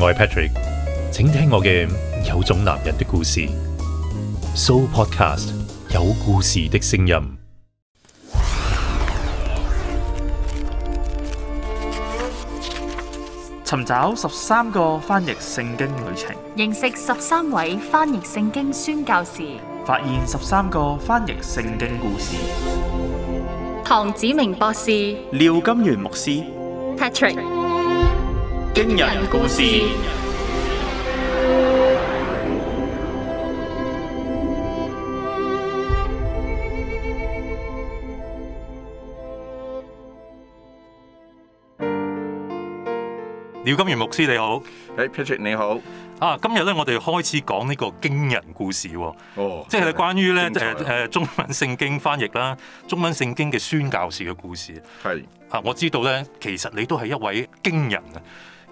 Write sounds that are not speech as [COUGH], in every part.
我係 Patrick，請聽我嘅有種男人的故事。So Podcast 有故事的聲音。尋找十三個翻譯聖經旅程，認識十三位翻譯聖經宣教士，發現十三個翻譯聖經故事。唐子明博士，廖金元牧師，Patrick。驚人故事。廖金源牧師你好。誒、hey, Patrick 你好，啊今日咧我哋開始講呢個驚人故事，哦，哦即係關於咧誒誒中文聖經翻譯啦，中文聖經嘅宣教士嘅故事，係是啊我知道咧，其實你都係一位驚人啊。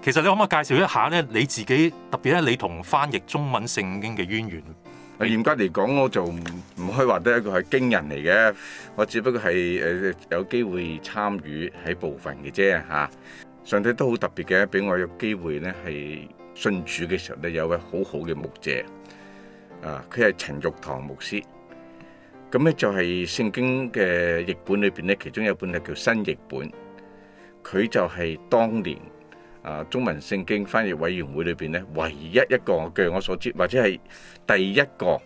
其實你可唔可以介紹一下咧？你自己特別咧，你同翻譯中文聖經嘅淵源？嚴格嚟講，我就唔唔可以話得一個係驚人嚟嘅。我只不過係誒、呃、有機會參與喺部分嘅啫嚇。上帝都好特別嘅，俾我有機會咧係信主嘅時候咧，有位好好嘅牧者啊，佢係陳玉堂牧師。咁咧就係聖經嘅譯本裏邊咧，其中有本係叫新譯本，佢就係當年，啊，中文聖經翻譯委員會裏邊咧，唯一一個據我所知，或者係第一個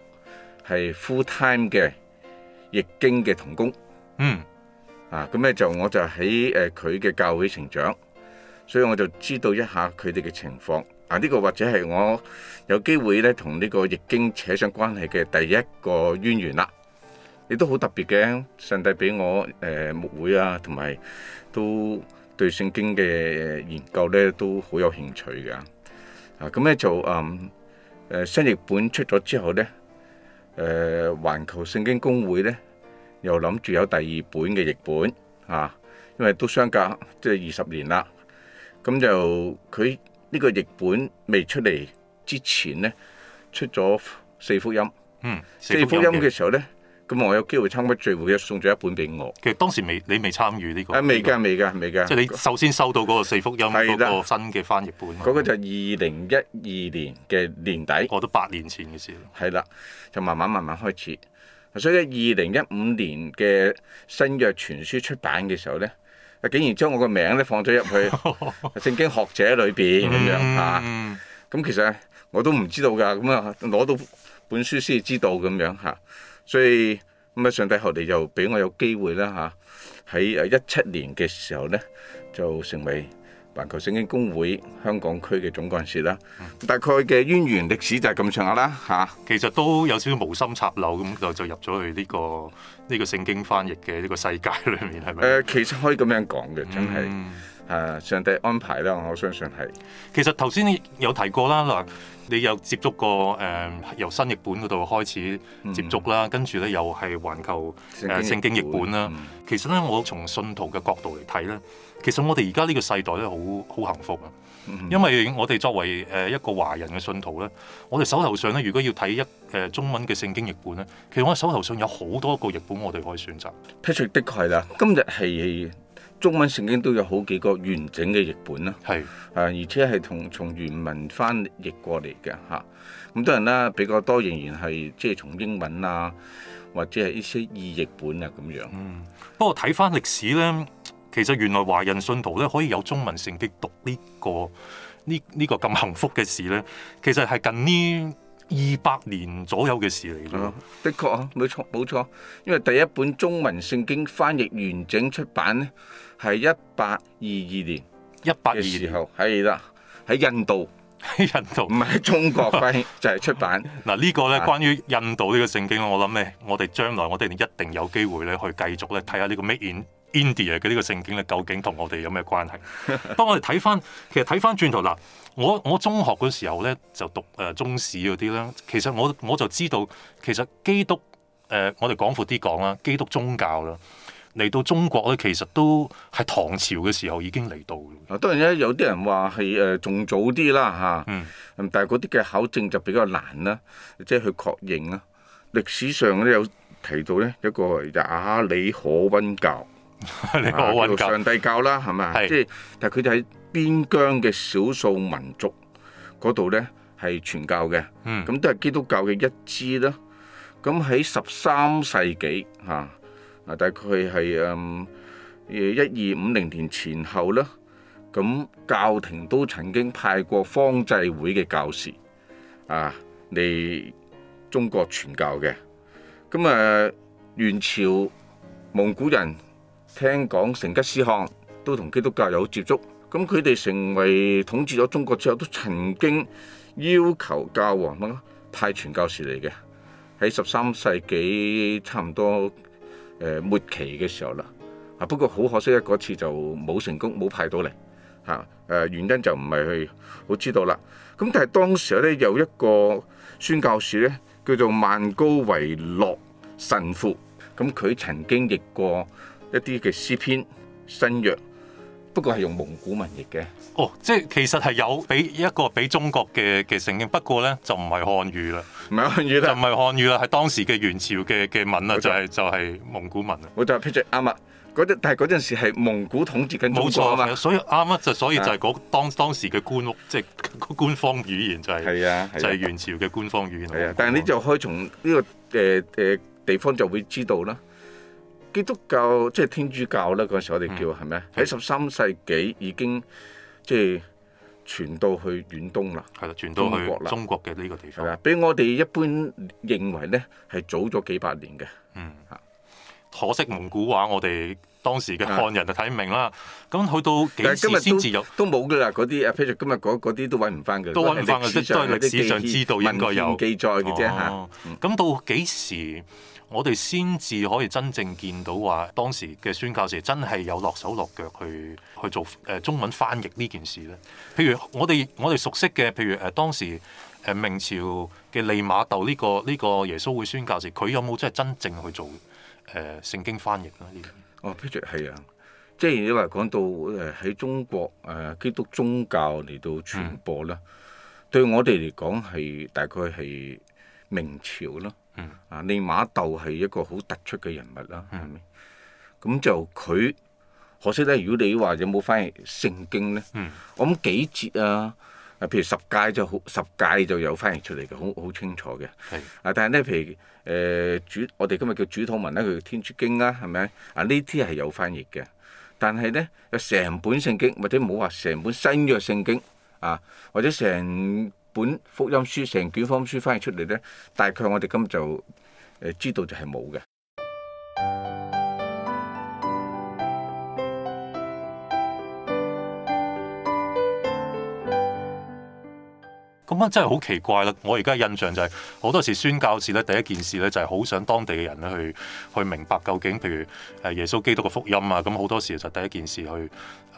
係 full time 嘅譯經嘅同工，嗯，啊咁咧就我就喺誒佢嘅教會成長，所以我就知道一下佢哋嘅情況。啊，呢、呢個或者係我有機會咧同呢個譯經扯上關係嘅第一個淵源啦。亦都好特別嘅，上帝俾我誒牧、呃、會啊，同埋都，對聖經嘅研究咧都好有興趣噶，啊咁咧就嗯，誒、呃、新譯本出咗之後咧，誒、呃、環球聖經公會咧又諗住有第二本嘅譯本啊，因為都相隔即係二十年啦，咁就佢呢個譯本未出嚟之前咧，出咗四福音，嗯，四福音嘅時候咧。咁我有機會參加聚會，又送咗一本俾我。其實當時未，你未參與呢、這個？啊，未㗎，未㗎，未㗎。即係你首先收到嗰個四福音嗰的個新嘅翻譯本。嗰個就二零一二年嘅年底，我都八年前嘅事。係啦，就慢慢慢慢開始。所以二零一五年嘅新約全書出版嘅時候咧，竟然將我個名咧放咗入去聖 [LAUGHS] 經學者裏邊咁樣嚇。咁、 [LAUGHS] 嗯啊、其實我都唔知道㗎，咁啊攞到本書先至知道咁樣嚇。所以咁啊，上帝後嚟又俾我有機會啦嚇，喺誒一七年嘅時候咧，就成為環球聖經公會香港區嘅總幹事啦。嗯、大概嘅淵源歷史就係咁上下啦嚇，其實都有少少無心插柳咁就就入咗去呢、呢個呢、呢個聖經翻譯嘅呢個世界裏面係咪？誒、呃，其實可以咁樣講嘅，嗯、真係。誒上帝安排啦，我相信係。其實頭先有提過啦，嗱，你有接觸過誒由新譯本嗰度開始接觸啦，跟住咧又係環球誒聖經譯本啦。其實咧，我從信徒嘅角度嚟睇咧，其實我哋而家呢個世代咧好好幸福啊，因為我哋作為誒一個華人嘅信徒咧，我哋手頭上咧如果要睇一誒中文嘅聖經譯本咧，其實我哋手頭上有好多個譯本我哋可以選擇。Patrick，的確係啦，今日係。中文聖經都有好幾個完整嘅譯本啦，係是，誒，而且係同從原文翻譯過嚟嘅嚇。咁多人啦，比較多仍然係即係從英文啊，或者係一些意譯本啊咁樣。嗯，不過睇翻歷史咧，其實原來華人信徒咧可以有中文聖經讀呢個呢呢個咁幸福嘅事咧，其實係近呢二百年左右嘅事嚟嘅。啊，的確啊，冇錯冇錯，因為第一本中文聖經翻譯完整出版咧。係一八二二年，一八二年嘅係啦，喺印度，喺 [LAUGHS] 印度，唔係喺中國， [LAUGHS] 就係出版。嗱呢 [LAUGHS] 個咧，關於印度呢個聖經我諗咧，我哋將來我哋一定有機會咧，去繼續咧睇下呢個 Make in India 嘅呢個聖經咧，究竟同我哋有咩關係？當我哋睇翻，其實睇翻轉頭嗱，我我中學嗰時候咧就讀誒宗史嗰啲啦，其實我我就知道，其實基督誒、呃，我哋廣闊啲講啦，基督宗教啦。嚟到中國咧，其實都係唐朝嘅時候已經嚟到。嗱、啊，當然咧，有啲人話係誒仲早啲啦嚇。啊、嗯。但係嗰啲嘅考證就比較難啦，即、就、係、係、去確認啦。歷史上咧有提到咧一個阿里可温教，阿里可温教，啊、上帝教啦，係咪？係是。即係，但係佢哋喺邊疆嘅少數民族嗰度咧係傳教嘅。嗯。咁都係基督教嘅一支啦。咁喺十三世紀嚇。啊啊大概係誒一二五零年前後啦。咁教廷都曾經派過方濟會嘅教士啊嚟中國傳教嘅。咁誒元朝蒙古人聽講成吉思汗都同基督教有接觸。咁佢哋成為統治咗中國之後，都曾經要求教皇，啊，派傳教士嚟嘅。喺十三世紀差唔多。誒末期嘅時候啦，啊不過好可惜咧，嗰次就冇成功，冇派到嚟嚇。誒原因就唔係去，我知道啦。咁但係當時咧有一個宣教士咧叫做曼高維洛神父，咁佢曾經譯過一啲嘅詩篇新約。呢個係用蒙古文譯嘅，哦，即係其實係有俾一個俾中國嘅嘅聖經，不過咧就唔係漢語啦，唔係漢語啦，就唔係漢語啦，係當時嘅元朝嘅嘅文啦 Okay.、就是，就係就係蒙古文啦。我就話 Peter 啱啦，嗰但係嗰陣時係蒙古統治緊冇錯，所以啱啦，就所以就係嗰當當時嘅官屋，啊、即係官方語言就係、是，係啊，啊就係元朝嘅官方語言。係啊，但係你就可以從呢、這個誒誒、呃呃、地方就會知道啦。基督教即係天主教啦。嗰時我哋叫係咩？喺十三世紀已經即係傳到去遠東啦，係啦，傳到去中國啦，中國嘅呢個地方，係啊，比我哋一般認為咧係早咗幾百年嘅，嗯。可惜蒙古話，我哋當時嘅漢人就睇唔明啦。咁去到幾時先至有都冇噶啦？嗰啲 a 今日嗰啲都揾唔翻嘅，都揾唔翻嘅。即係對歷史上知道應該有記載嘅啫嚇。咁、哦啊、到幾時我哋先至可以真正見到話當時嘅宣教士真係有落手落腳去去做誒中文翻譯呢件事咧？譬如我哋我哋熟悉嘅，譬如誒當時誒明朝嘅利瑪竇呢、呢個呢、呢個耶穌會宣教士，佢有冇真係真正去做？誒，聖、呃、經翻譯啦呢啲哦，Peter 係啊，即係你話講到誒喺、呃、中國誒、呃、基督宗教嚟到傳播啦，嗯、對我哋嚟講係大概係明朝啦，嗯、啊，利瑪竇係一個好突出嘅人物啦，係咪、嗯？咁、啊、就佢可惜咧，如果你話有冇翻譯聖經咧，嗯、我諗幾節啊。啊，譬如十戒就好，十戒就有翻譯出嚟嘅，好好清楚嘅。係啊，但係咧，譬如誒、呃、主，我哋今日叫主禱文咧，佢叫天主經啦，係咪啊？呢啲係有翻譯嘅。但係咧，有成本聖經或者冇話成本新約聖經啊，或者成本福音書成卷福音書翻譯出嚟咧，大概我哋今日就誒知道就係冇嘅。咁啊，樣真係好奇怪啦！我而家印象就係、是、好多時宣教士咧，第一件事咧就係好想當地嘅人咧去去明白究竟，譬如誒耶穌基督嘅福音啊，咁好多時就第一件事去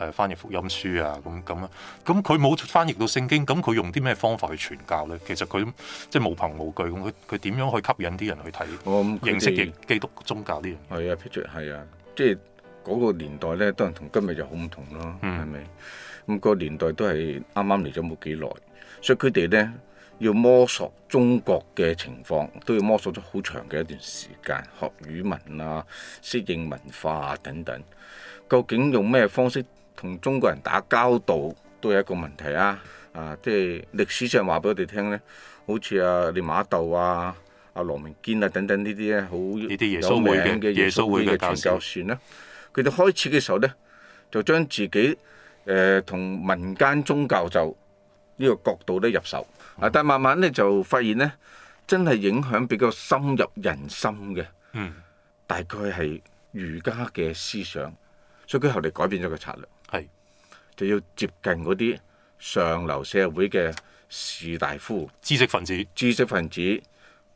誒翻譯福音書啊，咁咁啦。咁佢冇翻譯到聖經，咁佢用啲咩方法去傳教咧？其實佢即係無憑無據咁，佢佢點樣去吸引啲人去睇、哦嗯、認識嘅基督宗教呢樣嘢？係啊 Peter 啊，即係。嗰個年代咧，當然同今日就好唔同咯，係咪、嗯？咁、那個年代都係啱啱嚟咗冇幾耐，所以佢哋咧要摸索中國嘅情況，都要摸索咗好長嘅一段時間，學語文啊，適應文化、啊、等等。究竟用咩方式同中國人打交道，都係一個問題啊！啊，即係歷史上話俾我哋聽咧，好似阿利瑪竇啊、阿、啊、羅明堅啊等等呢啲咧，好有名嘅耶穌會嘅傳教士咧？佢哋開始嘅時候呢，就將自己誒、呃、同民間宗教就呢、呢個角度咧入手，啊！但慢慢呢，就發現呢，真係影響比較深入人心嘅，嗯，大概係儒家嘅思想，所以佢後嚟改變咗個策略，係是就要接近嗰啲上流社會嘅士大夫、知識分子、知識分子、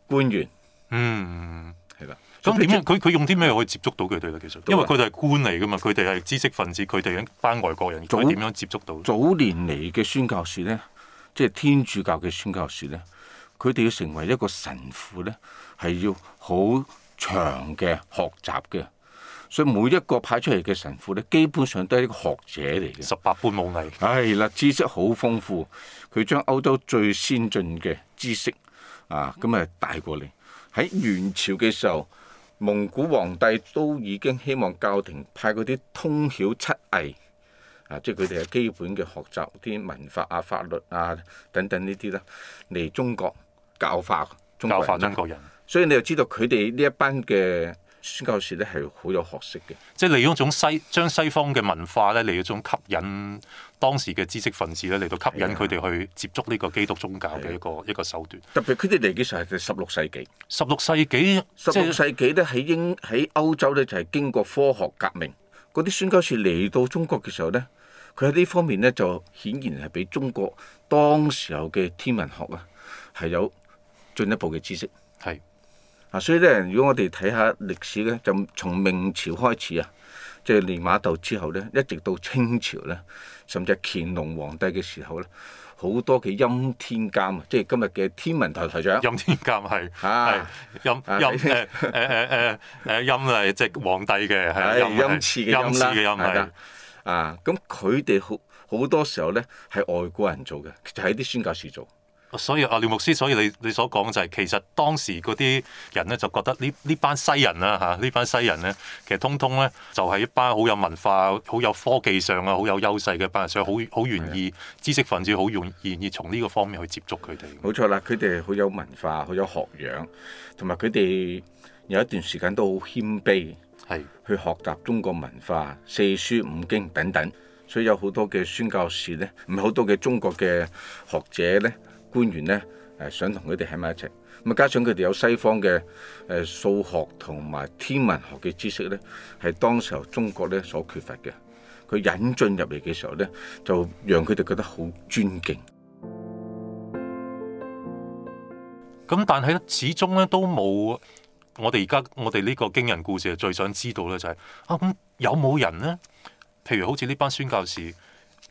官員，嗯，係啦。咁點樣？佢佢用啲咩可以接觸到佢哋咧？其實，因為佢哋係官嚟噶嘛，佢哋係知識分子，佢哋班外國人，佢點樣接觸到早？早年嚟嘅宣教士咧，即係天主教嘅宣教士咧，佢哋要成為一個神父咧，係要好長嘅學習嘅，所以每一個派出嚟嘅神父咧，基本上都係一個學者嚟嘅。十八般武藝，係啦，知識好豐富，佢將歐洲最先進嘅知識啊，咁啊帶過嚟。喺元朝嘅時候。蒙古皇帝都已經希望教廷派嗰啲通曉七藝啊，即係佢哋嘅基本嘅學習啲文法啊、法律啊等等呢啲啦，嚟中國教化中國人，國人，所以你就知道佢哋呢一班嘅。宣教士咧係好有學識嘅，即係利用一種西將西方嘅文化咧嚟一種吸引當時嘅知識分子咧嚟到吸引佢哋去接觸呢個基督宗教嘅一個的一個手段。特別佢哋嚟嘅時候係十六世紀，十六世紀，就係、十六世紀咧喺英喺歐洲咧就係經過科學革命，嗰啲宣教士嚟到中國嘅時候咧，佢喺呢方面咧就顯然係比中國當時候嘅天文學啊係有進一步嘅知識。係。所以咧，如果我哋睇下歷史咧，就從明朝開始啊，即係利瑪竇之後咧，一直到清朝咧，甚至乾隆皇帝嘅時候咧，好多嘅欽天監、就是、啊，即係今日嘅天文台台長欽天監係係欽欽誒誒誒誒欽啊，即係皇帝嘅欽欽賜嘅欽，啦，啊咁佢哋好好多時候咧係外國人做嘅，就喺、是、啲宣教士做。所以阿廖牧師，所以你你所講就係其實當時嗰啲人咧就覺得呢呢班西人啦、啊。嚇、啊、呢班西人咧，其實通通咧就係、是、一班好有文化、好有科技上啊、好有優勢嘅班所以好好願意的知識分子好願意從呢個方面去接觸佢哋。冇錯啦，佢哋好有文化、好有學養，同埋佢哋有一段時間都好謙卑，係的去學習中國文化、四書五經等等，所以有好多嘅宣教士咧，唔係好多嘅中國嘅學者咧。官員咧，誒想同佢哋喺埋一齊，咁啊加上佢哋有西方嘅誒數學同埋天文學嘅知識咧，係當時候中國咧所缺乏嘅，佢引進入嚟嘅時候咧，就讓佢哋覺得好尊敬。咁但係咧，始終咧都冇我哋而家我哋呢個驚人故事最想知道咧就係、是、啊咁有冇人咧？譬如好似呢班宣教士。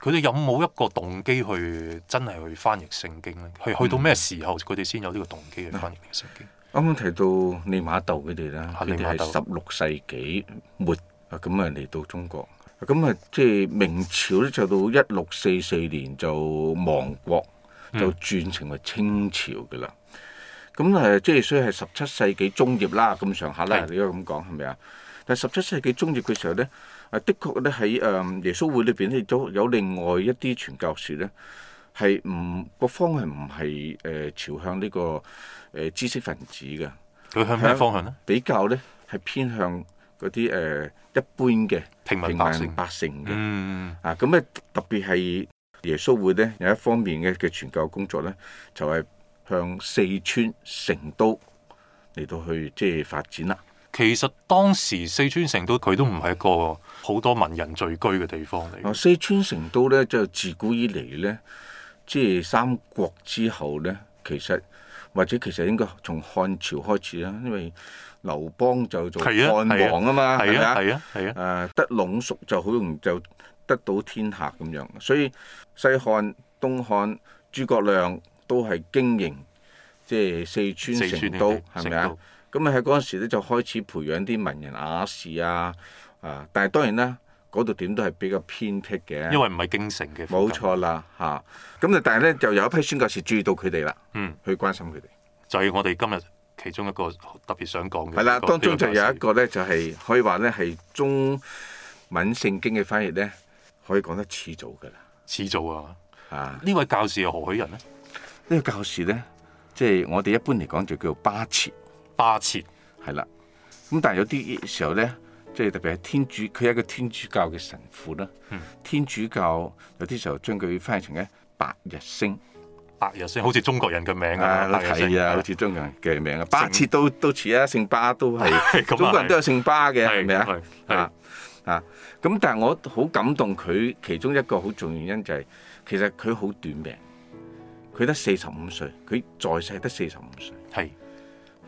佢哋有冇一個動機去真係去翻譯聖經咧？去去到咩時候佢哋先有呢個動機去翻譯聖經？啱啱、嗯、提到利瑪竇佢哋啦，佢哋係十六世紀末啊，咁啊嚟到中國，咁啊即係明朝咧，就到一六四四年就亡國，就轉成為清朝噶啦。咁誒、嗯，即係所以係十七世紀中葉啦，咁上下啦，是你應該咁講係咪啊？但係十七世紀中葉嘅時候咧。的確咧喺誒耶穌會裏邊咧，都有另外一啲傳教士咧，係唔個方向唔係誒朝向呢個誒知識分子嘅。佢向咩方向咧？比較咧係偏向嗰啲誒一般嘅平，平民百姓、百姓嘅。啊，咁咧特別係耶穌會咧有一方面嘅嘅傳教工作咧，就係向四川成都嚟到去即係發展啦。其實當時四川成都佢都唔係一個好多文人聚居嘅地方嚟。四川成都咧就自古以來咧，即係三國之後咧，其實或者其實應該從漢朝開始啦，因為劉邦就做漢王啊嘛，係啊係啊係啊，誒得隴蜀就好容易就得到天下咁樣，所以西漢、東漢、諸葛亮都係經營即係四川成都係咪啊？咁啊喺嗰陣時咧就開始培養啲文人雅士啊啊！但係當然啦，嗰度點都係比較偏僻嘅。因為唔係京城嘅。冇錯啦，嚇！咁啊，但係咧就有一批宣教士注意到佢哋啦，嗯，去關心佢哋。就係我哋今日其中一個特別想講嘅。係啦、啊，當中就有一個咧，就係、是、可以話咧係中文聖經嘅翻譯咧，可以講得始祖㗎啦。始祖啊！啊！呢位教士係何許人咧？呢個教士咧，即、就、係、是、我哋一般嚟講就叫做巴切。巴切係啦，咁、嗯、但係有啲時候咧，即係特別係天主，佢係一個天主教嘅神父啦。Mm. 天主教有啲時候將佢翻譯成咧白日星，白日星好似中國人嘅名啊，係啊，好似中國人嘅名啊。巴切都都似啊，姓巴都係，中國人都有姓巴嘅係咪啊？係啊啊，咁但係我好感動佢，其中一個好重要原因就係，其實佢好短命，佢得四十五歲，佢在世得四十五歲。係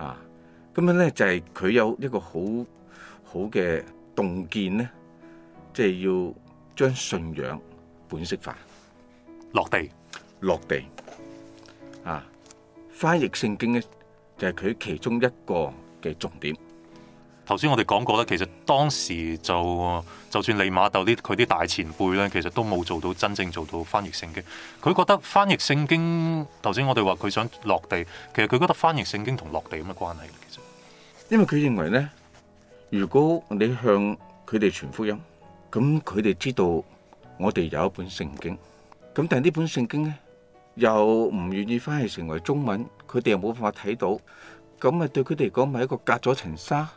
啊。咁樣咧就係佢有一個好好嘅洞見咧，即係要將信仰本色化、落地、落地啊！翻譯聖經咧就係佢其中一個嘅重點。頭先我哋講過啦，其實當時就就算利瑪竇啲佢啲大前輩咧，其實都冇做到真正做到翻譯聖經。佢覺得翻譯聖經，頭先我哋話佢想落地，其實佢覺得翻譯聖經同落地有咩關係其實。因為佢認為咧，如果你向佢哋傳福音，咁佢哋知道我哋有一本聖經，咁但係呢本聖經咧又唔願意翻去成為中文，佢哋又冇辦法睇到，咁咪對佢哋嚟講咪一個隔咗層沙，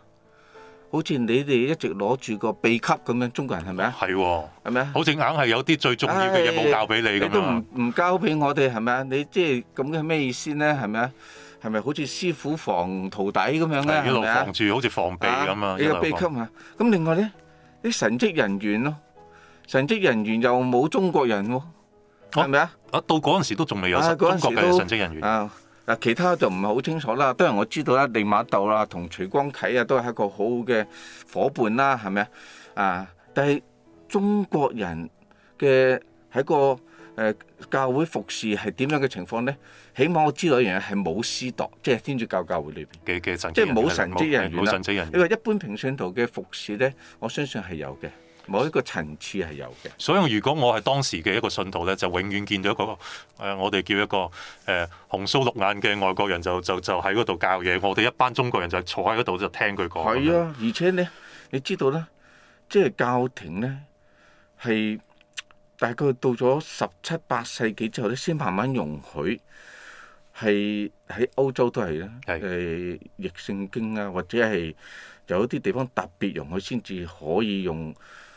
好似你哋一直攞住個秘笈咁樣，中國人係咪啊？係喎，係咪啊？好似硬係有啲最重要嘅嘢冇教俾你咁樣，唔唔教俾我哋係咪啊？你即係咁嘅咩意思咧？係咪啊？係咪好似師傅防徒弟咁樣咧？防住，好似防備咁啊！你個秘笈啊！咁另外咧，啲神職人員咯、哦，神職人員又冇中國人喎、哦，係咪啊？是是啊，啊，到嗰陣時都仲未有中國嘅神職人員。啊，嗱、啊，其他就唔係好清楚啦。當然我知道啦，利瑪竇啦，同徐光啟啊，都係一個好嘅伙伴啦，係咪啊？啊，但係中國人嘅喺個。誒教會服侍係點樣嘅情況咧？起碼我知道一樣係冇司鐸，即係天主教教會裏邊嘅嘅神，即係冇神職人冇神職人。因為一般平信徒嘅服侍咧，我相信係有嘅，某一個層次係有嘅。所以如果我係當時嘅一個信徒咧，就永遠見到一個我哋叫一個誒紅鬚綠眼嘅外國人，就就就喺嗰度教嘢。我哋一班中國人就坐喺嗰度就聽佢講。係啊，而且咧，你知道咧，即係教廷咧係。大概到咗十七八世紀之後咧，先慢慢容許係喺歐洲都係啦，誒的，譯聖經啊，或者係有一啲地方特別容許先至可以用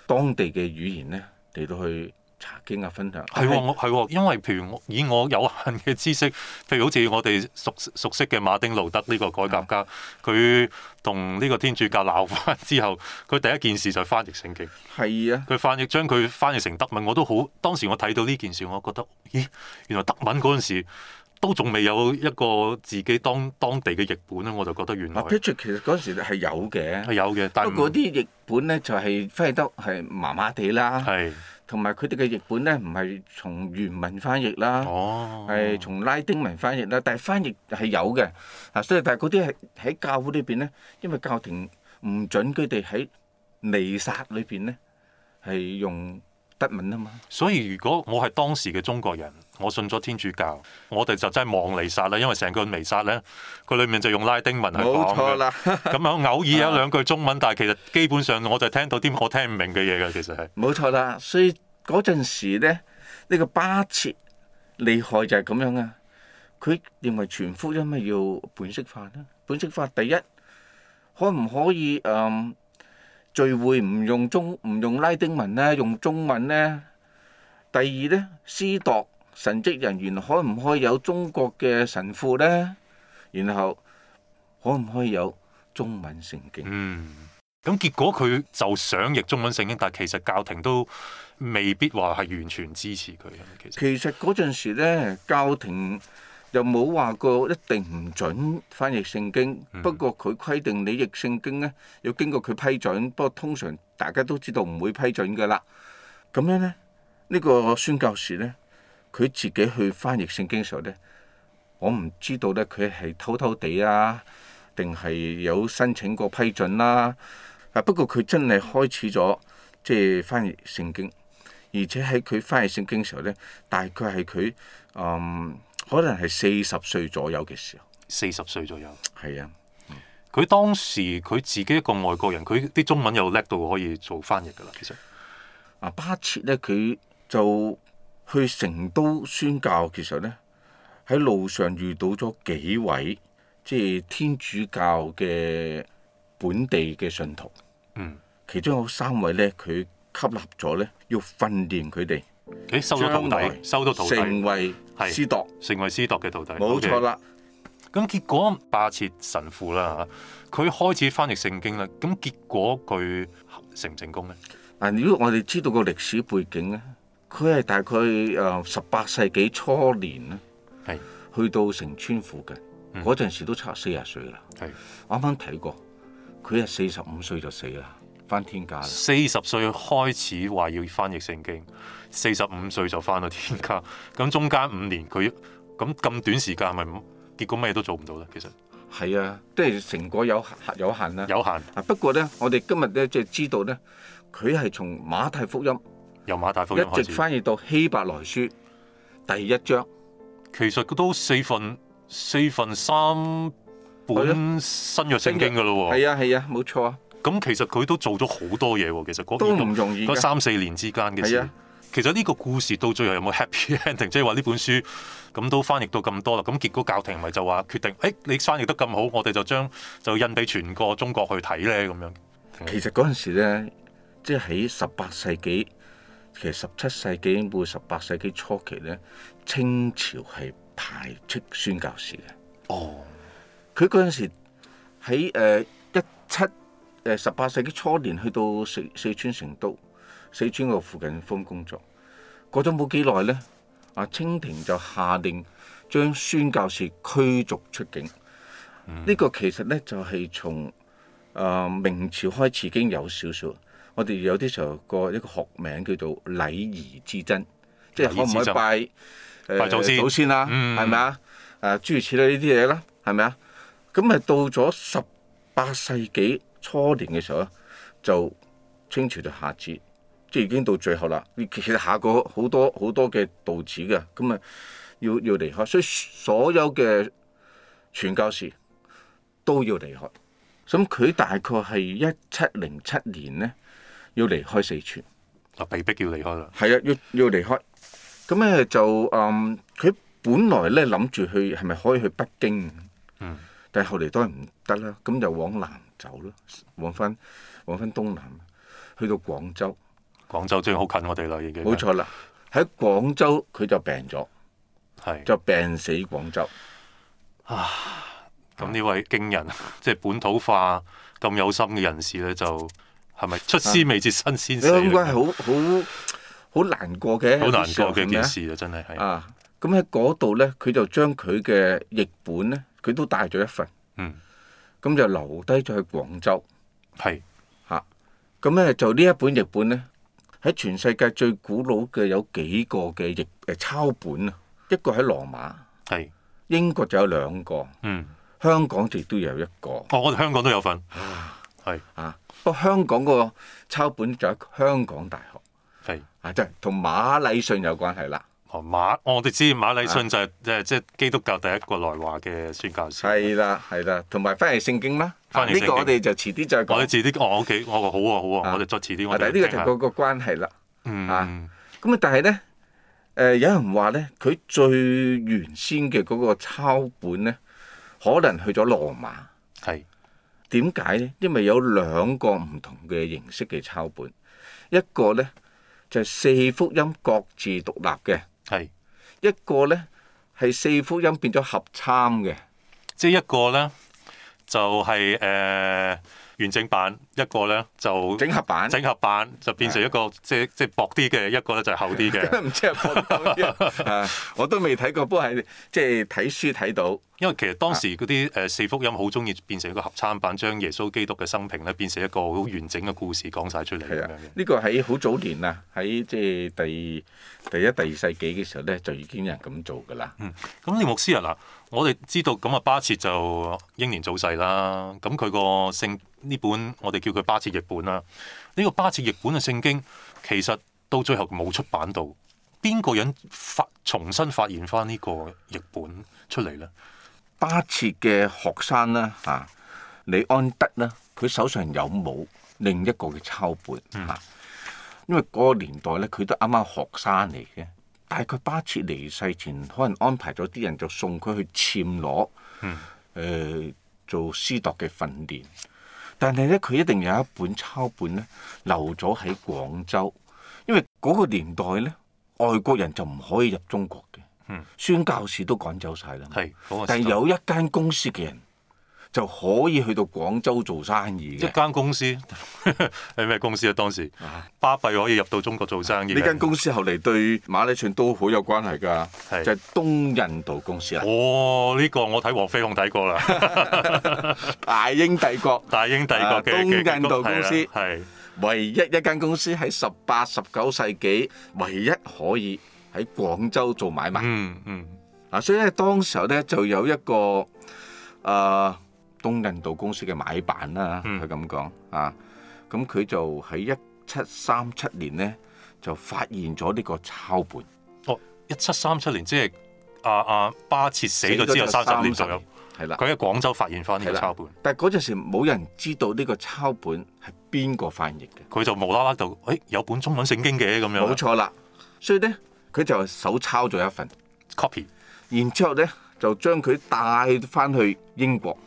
當地嘅語言咧嚟到去。查經、就是、啊，分享係喎，我係喎，因為譬如以我有限嘅知識，譬如好似我哋熟熟悉嘅馬丁路德呢個改革家，佢同呢個天主教鬧翻之後，佢第一件事就係翻譯聖經。係啊，佢翻譯將佢翻譯成德文，我都好。當時我睇到呢件事，我覺得咦，原來德文嗰陣時都仲未有一個自己當當地嘅譯本咧，我就覺得原來。啊，er, 其實嗰陣時係有嘅，係有嘅，但不過嗰啲譯本咧就係翻譯得係麻麻地啦。係。同埋佢哋嘅譯本咧，唔係從原文翻譯啦，哦，係從拉丁文翻譯啦。但係翻譯係有嘅，啊，所以但係嗰啲係喺教會裏邊咧，因為教廷唔准佢哋喺彌撒裏邊咧係用德文啊嘛。所以如果我係當時嘅中國人。我信咗天主教，我哋就真係望彌撒啦。因為成個彌撒咧，佢裏面就用拉丁文嚟講嘅，咁錯 [LAUGHS] 樣偶爾有兩句中文，但係其實基本上我就聽到啲我聽唔明嘅嘢嘅。其實係冇錯啦，所以嗰陣時咧，呢、這個巴切厲害就係咁樣啊！佢認為傳福音咪要本色化啦，本色化第一可唔可以嗯、呃、聚會唔用中唔用拉丁文咧，用中文咧？第二咧，司鐸。神職人員可唔可以有中國嘅神父呢？然後可唔可以有中文聖經？嗯，咁結果佢就想譯中文聖經，但其實教廷都未必話係完全支持佢。其實嗰陣時呢，教廷又冇話過一定唔準翻譯聖經，嗯、不過佢規定你譯聖經呢，要經過佢批准，不過通常大家都知道唔會批准噶啦。咁樣呢，呢、呢個宣教士呢。佢自己去翻譯聖經嘅時候咧，我唔知道咧，佢係偷偷地啊，定係有申請過批准啦。啊，不過佢真係開始咗即係翻譯聖經，而且喺佢翻譯聖經嘅時候咧，大概係佢嗯可能係四十歲左右嘅時候。四十歲左右。係啊，佢、嗯、當時佢自己一個外國人，佢啲中文又叻到可以做翻譯㗎啦。其實啊，巴切咧佢就。去成都宣教，其實咧喺路上遇到咗幾位即係天主教嘅本地嘅信徒，嗯，其中有三位咧，佢吸納咗咧，要訓練佢哋，佢、嗯、收咗徒弟，將來 收咗徒弟，成為司鐸，成為司鐸嘅徒弟，冇錯啦。咁結果霸切神父啦，佢開始翻譯聖經啦，咁結果佢成唔成功咧？啊，如果我哋知道個歷史背景咧？佢係大概誒十八世紀初年咧，係是去到城村附近嗰陣、嗯、時都差四十歲啦。係啱啱睇過，佢係四十五歲就死啦，翻天界啦。四十歲開始話要翻譯聖經，四十五歲就翻到天界。咁 [LAUGHS] 中間五年佢咁咁短時間，咪結果咩都做唔到咧？其實係啊，即、就、係、是、成果有有限啦，有限，有限。不過咧，我哋今日咧即係知道咧，佢係從馬太福音。由馬太福音一直翻譯到希伯來書第一章，其實都四分四分三本新約聖經嘅咯喎。係啊係啊，冇、嗯、錯啊。咁其實佢都做咗好多嘢喎。其實嗰、那個、都唔容易嘅三四年之間嘅事。的其實呢個故事到最後有冇 happy ending？即係話呢本書咁都翻譯到咁多啦。咁結果教廷咪就話決定誒、哎、你翻譯得咁好，我哋就將就印俾全個中國去睇咧咁樣。嗯、其實嗰陣時咧，即係喺十八世紀。其實十七世紀末、十八世紀初期咧，清朝係排斥宣教士嘅。哦、oh.，佢嗰陣時喺誒一七誒十八世紀初年去到四四川成都、四川個附近封工作，過咗冇幾耐咧，啊清廷就下令將宣教士驅逐出境。呢、mm. 個其實咧就係從誒明朝開始已經有少少。我哋有啲時候個一個學名叫做禮儀之爭，之爭即係可唔可以拜誒祖先祖先啦？係咪啊？誒、嗯啊、諸如此類呢啲嘢啦，係咪啊？咁咪到咗十八世紀初年嘅時候咧，就清朝就下旨，即係已經到最後啦。其實下過好多好多嘅道子嘅，咁咪要要離開，所以所有嘅傳教士都要離開。咁佢大概係一七零七年咧。要離開四川，啊，被逼要離開啦。係啊，要要離開。咁咧就，嗯，佢本來咧諗住去，係咪可以去北京？嗯。但係後嚟都係唔得啦，咁就往南走咯，往翻往翻東南，去到廣州。廣州即係好近我哋啦，已經。冇錯啦，喺廣州佢就病咗，係是就病死廣州。啊！咁呢位驚人，即係本土化咁有心嘅人士咧，就。係咪出師未捷身先死，啊？你應係好好好難過嘅，好難過嘅件事是是啊！真係係啊，咁喺嗰度咧，佢就將佢嘅譯本咧，佢都帶咗一份。嗯。咁就留低咗喺廣州。係是。嚇、啊！咁咧就呢一本譯本咧，喺全世界最古老嘅有幾個嘅譯誒、啊、抄本啊？一個喺羅馬。係是。英國就有兩個。嗯。香港亦都有一個。哦、嗯，我哋香港都有份。啊。係。啊。香港個抄本就喺香港大學，係啊，即係同馬禮遜有關係啦。哦，馬，我哋知馬禮遜就係即係即基督教第一個來華嘅宣教師。係啦，係啦，同埋翻譯聖經啦。呢、啊、個我哋就遲啲再講。我哋遲啲，我我幾我個好啊好啊，好啊啊我哋再遲啲。我哋呢個就嗰個關係啦。嗯。咁啊，但係咧，誒、呃、有人話咧，佢最原先嘅嗰個抄本咧，可能去咗羅馬。係的。點解呢？因為有兩個唔同嘅形式嘅抄本，一個呢，就係、是、四福音各自獨立嘅，係是一個呢，係四福音變咗合參嘅，即係一個呢，就係、是、誒。呃完整版一個咧就，整合版，整合版就變成一個即即薄啲嘅一個咧就厚啲嘅。唔知啊，我都未睇過，不過喺即睇書睇到。因為其實當時嗰啲誒四福音好中意變成一個合參版，將耶穌基督嘅生平咧變成一個好完整嘅故事講晒出嚟。係啊，呢個喺好早年啊，喺即第第一、第二世紀嘅時候咧，就已經有人咁做㗎啦。咁呢牧師人嗱，我哋知道咁啊，巴切就英年早逝啦。咁佢個聖呢本我哋叫佢巴切譯本啦，啊，呢、這個巴切譯本嘅聖經其實到最後冇出版到，邊個人發重新發現翻呢個譯本出嚟咧？巴切嘅學生啦，啊，李安德啦，佢手上有冇另一個嘅抄本嚇？嗯、因為嗰個年代咧，佢都啱啱學生嚟嘅，但係佢巴切離世前可能安排咗啲人就送佢去暹羅，嗯、呃，做司鐸嘅訓練。但係咧，佢一定有一本抄本咧，留咗喺廣州，因為嗰個年代咧，外國人就唔可以入中國嘅，嗯，宣教士都趕走晒啦，係、嗯，但係有一間公司嘅人，就可以去到廣州做生意。一間公司係咩 [LAUGHS] 公司啊？當時巴閉可以入到中國做生意。呢間公司後嚟對馬禮遜都好有關係㗎，是就係東印度公司啊！哦，呢、這個我睇《黃飛鴻》睇過啦，大英帝國，大英帝國嘅東印度公司係、啊、唯一一間公司喺十八、十九世紀唯一可以喺廣州做買賣。嗯嗯。嗯啊，所以咧，當時候咧就有一個啊。啊東印度公司嘅買辦啦，佢咁講啊，咁佢就喺一七三七年咧就發現咗呢個抄本。哦，一七三七年即係阿阿巴切死咗之後三十年左右，係啦年。佢喺了廣州發現翻呢個抄本，但係嗰陣時冇人知道呢個抄本係邊個翻譯嘅，佢就無啦啦就誒、哎、有本中文聖經嘅咁樣，冇錯啦。所以咧，佢就手抄咗一份 copy，然之後咧就將佢帶翻去英國。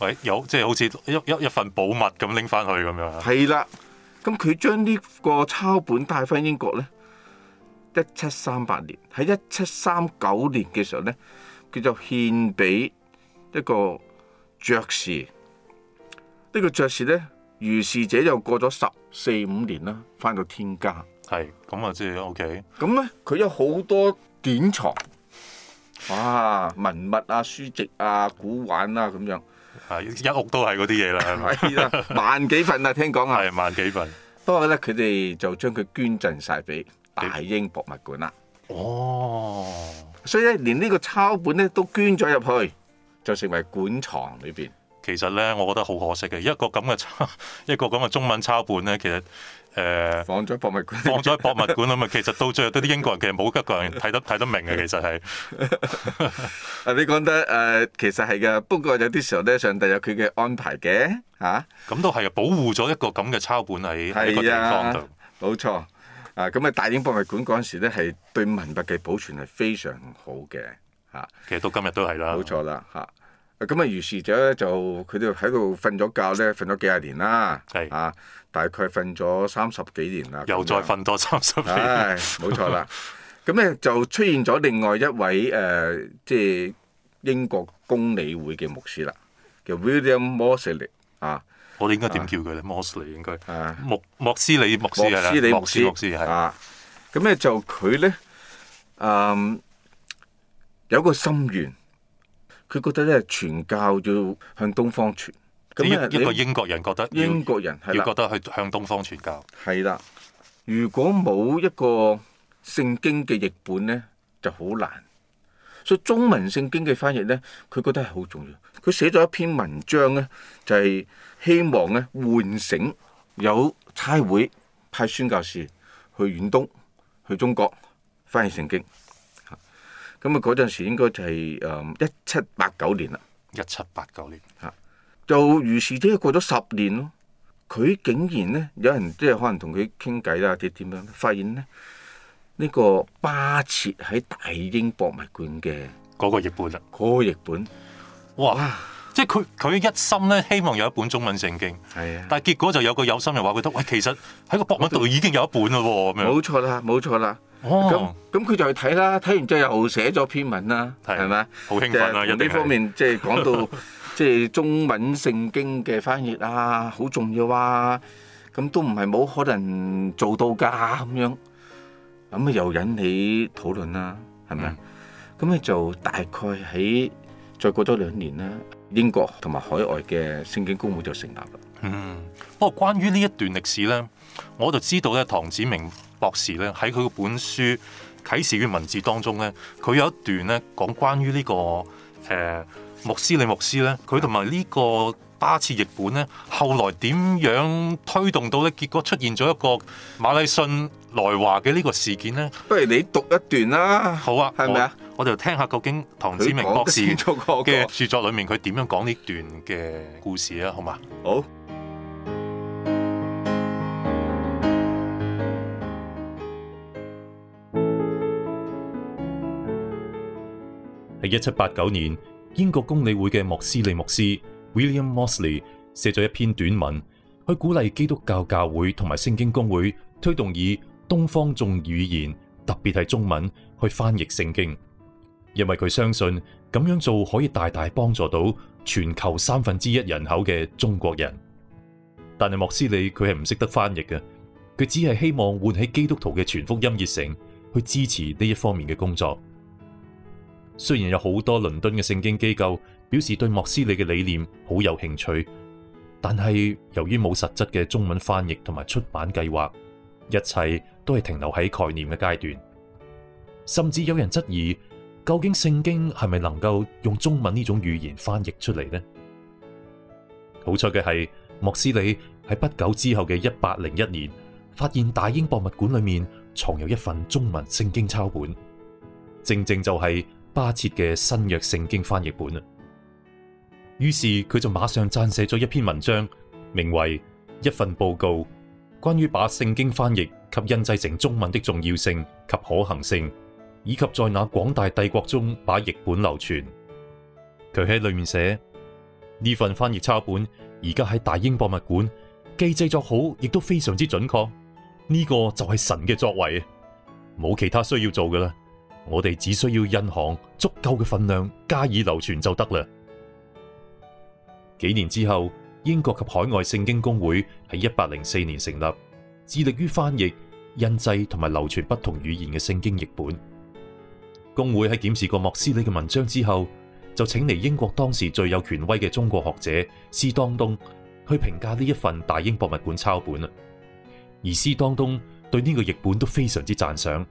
喂，有即係好似一一一份寶物咁拎翻去咁樣。係啦，咁佢將呢個抄本帶翻英國咧，一七三八年喺一七三九年嘅時候咧，叫做獻俾一個爵士。呢、這個爵士咧，如是者又過咗十四五年啦，翻到天家。係咁啊，即係 OK。咁、okay、咧，佢有好多典藏，哇，文物啊、書籍啊、古玩啦、啊、咁樣。一屋都係嗰啲嘢啦，係咪？係啦 [LAUGHS] 的， [LAUGHS] 萬幾份呀，聽講係萬幾份。不過咧，佢哋就將佢捐贈晒俾大英博物館啦。哦，所以咧，連呢個抄本咧都捐咗入去，就成為館藏裏邊。其實咧，我覺得好可惜嘅，一個咁嘅一個咁嘅中文抄本咧，其實。放咗喺博物館， [LAUGHS] 放咗喺博物館啊嘛！ [LAUGHS] 其實到最後都啲英國人其實冇一個人睇得睇得明嘅，其實係。啊， [LAUGHS] [LAUGHS] 你講得誒，其實係㗎，不過有啲時候咧，上帝有佢嘅安排嘅嚇。咁、啊、都係啊，保護咗一個咁嘅抄本喺一個地方度，冇、啊、錯。啊，咁啊，大英博物館嗰陣時咧，係對文物嘅保存係非常好嘅嚇。啊、其實到今日都係啦，冇 [LAUGHS] 錯啦嚇。啊咁啊，於是者咧就佢哋喺度瞓咗覺咧，瞓咗幾十年啦，啊大概瞓咗三十幾年啦，又再瞓多三十年。唉，冇錯啦。咁咧就出現咗另外一位誒，即係英國公理會嘅牧師啦，叫 William Mosley 啊。我哋應該點叫佢咧？Mosley 應該。啊。莫莫斯利牧師啦，莫斯利牧師。啊。咁咧就佢咧，嗯，有個心願。佢覺得咧，傳教要向東方傳。咁一個英國人覺得英國人要覺得去向東方傳教。係啦，如果冇一個聖經嘅譯本咧，就好難。所以中文聖經嘅翻譯咧，佢覺得係好重要。佢寫咗一篇文章咧，就係、是、希望咧，喚醒有差會派宣教士去遠東、去中國翻譯聖經。咁啊，嗰陣時應該就係誒一七八九年啦，一七八九年嚇，就如是者過咗十年咯。佢竟然咧，有人即係可能同佢傾偈啦，點點樣發現咧？呢、呢個巴切喺大英博物館嘅嗰個譯本啦，嗰個譯本，譯本哇！即係佢佢一心咧，希望有一本中文聖經，係啊，但係結果就有個有心人話佢得喂，其實喺個博物度已經有一本啦喎，咁樣邊，冇麼錯啦，冇錯啦。咁咁佢就去睇啦，睇完之後又寫咗篇文啦，係咪？好興奮啊！人哋方面即係講到 [LAUGHS] 即係中文聖經嘅翻譯啊，好重要啊，咁都唔係冇可能做到㗎咁樣，咁啊又引起討論啦，係咪？咁咧就大概喺再過咗兩年啦，英國同埋海外嘅聖經公會就成立啦。嗯，不過關於呢一段歷史咧，我就知道咧，唐子明博士咧喺佢本書《啟示與文字》當中咧，佢有一段咧講關於、這個呃、穆斯里穆斯呢個誒牧師李牧師咧，佢同埋呢個巴設譯本咧，後來點樣推動到咧，結果出現咗一個馬禮遜來華嘅呢個事件咧。不如你讀一段啦，好啊，係咪啊？我哋就聽下究竟唐子明博士嘅、那個、著作裏面佢點樣講呢段嘅故事啊？好嘛，好。一七八九年，英國公理會嘅莫斯利牧師 William Mosley 寫咗一篇短文，去鼓勵基督教教會同埋聖經公會推動以東方眾語言，特別係中文，去翻譯聖經，因為佢相信咁樣做可以大大幫助到全球三分之一人口嘅中國人。但係莫斯利佢係唔識得翻譯嘅，佢只係希望喚起基督徒嘅全福音熱誠，去支持呢一方面嘅工作。雖然有好多倫敦嘅聖經機構表示對莫斯利嘅理念好有興趣，但係由於冇實質嘅中文翻譯同埋出版計劃，一切都係停留喺概念嘅階段。甚至有人質疑，究竟聖經係咪能夠用中文呢種語言翻譯出嚟呢？好彩嘅係，莫斯利喺不久之後嘅一八零一年發現大英博物館裏面藏有一份中文聖經抄本，正正就係、是。巴切嘅新約聖經翻譯本啊，於是佢就馬上撰寫咗一篇文章，名為一份報告，關於把聖經翻譯及印製成中文的重要性及可行性，以及在那廣大帝國中把譯本流傳。佢喺裏面寫呢份翻譯抄本，而家喺大英博物館，既製作好，亦都非常之準確。呢、這個就係神嘅作為，冇其他需要做㗎喇。我哋只需要印行足夠嘅份量加以流傳就得啦。幾年之後，英國及海外聖經公會喺一八零四年成立，致力於翻譯、印製同埋流傳不同語言嘅聖經譯本。工會喺檢視過莫斯里嘅文章之後，就請嚟英國當時最有權威嘅中國學者斯當東去評價呢一份大英博物館抄本。而斯當東對呢個譯本都非常之讚賞，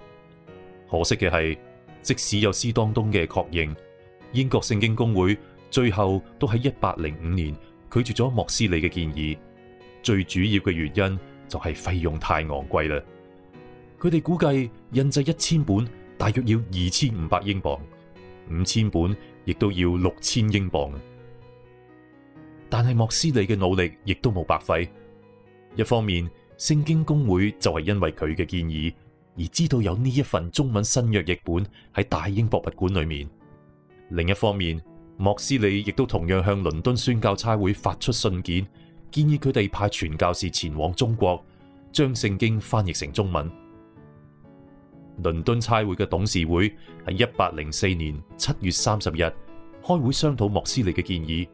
可惜嘅係。即使有斯當東嘅確認，英國聖經公會最後都喺一八零五年拒絕咗莫斯里嘅建議。最主要嘅原因就係費用太昂貴啦。佢哋估計印製一千本大約要二千五百英鎊，五千本亦都要六千英鎊。但係莫斯里嘅努力亦都冇白費。一方面，聖經公會就係因為佢嘅建議。而知道有呢一份中文新約譯本喺大英博物館裏面。另一方面，莫斯利亦都同樣向倫敦宣教差會發出信件，建議佢哋派傳教士前往中國，將聖經翻譯成中文。倫敦差會嘅董事會喺一八零四年七月三十日開會商討莫斯利嘅建議，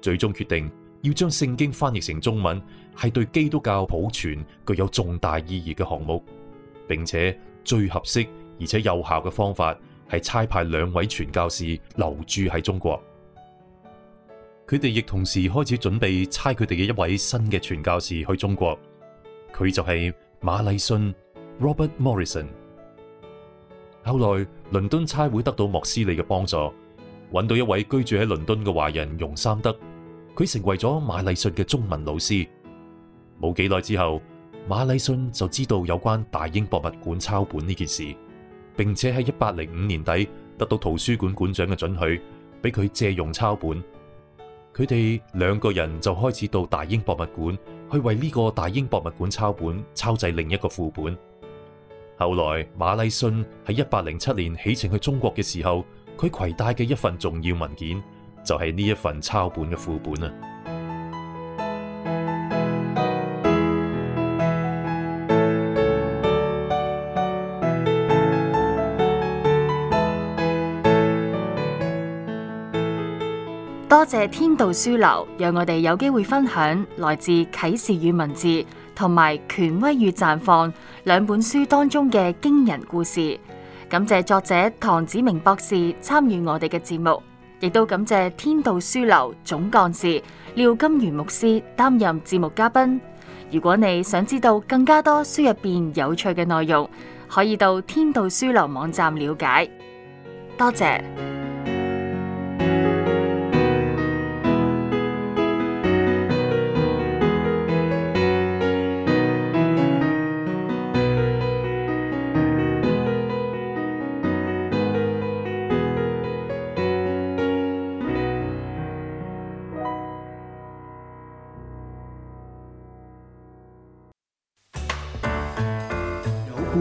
最終決定要將聖經翻譯成中文，係對基督教普傳具有重大意義嘅項目。並且最合適而且有效嘅方法係差派兩位傳教士留住喺中國，佢哋亦同時開始準備差佢哋嘅一位新嘅傳教士去中國，佢就係馬禮遜 Robert Morrison。後來倫敦差會得到莫斯利嘅幫助，搵到一位居住喺倫敦嘅華人容三德，佢成為咗馬禮遜嘅中文老師。冇幾耐之後。馬禮遜就知道有關大英博物館抄本呢件事，並且喺一八零五年底得到圖書館館長嘅準許，俾佢借用抄本。佢哋兩個人就開始到大英博物館去為呢個大英博物館抄本抄製另一個副本。後來馬禮遜喺一八零七年起程去中國嘅時候，佢攜帶嘅一份重要文件就係、是、呢一份抄本嘅副本啊。多謝天道書樓，讓我哋有機會分享來自《啟示與文字》同埋《權威與綻放》兩本書當中嘅驚人故事。感謝作者唐子明博士參與我哋嘅節目，亦都感謝天道書樓總幹事廖金源牧師擔任節目嘉賓。如果你想知道更加多書入邊有趣嘅內容，可以到天道書樓網站了解。多謝。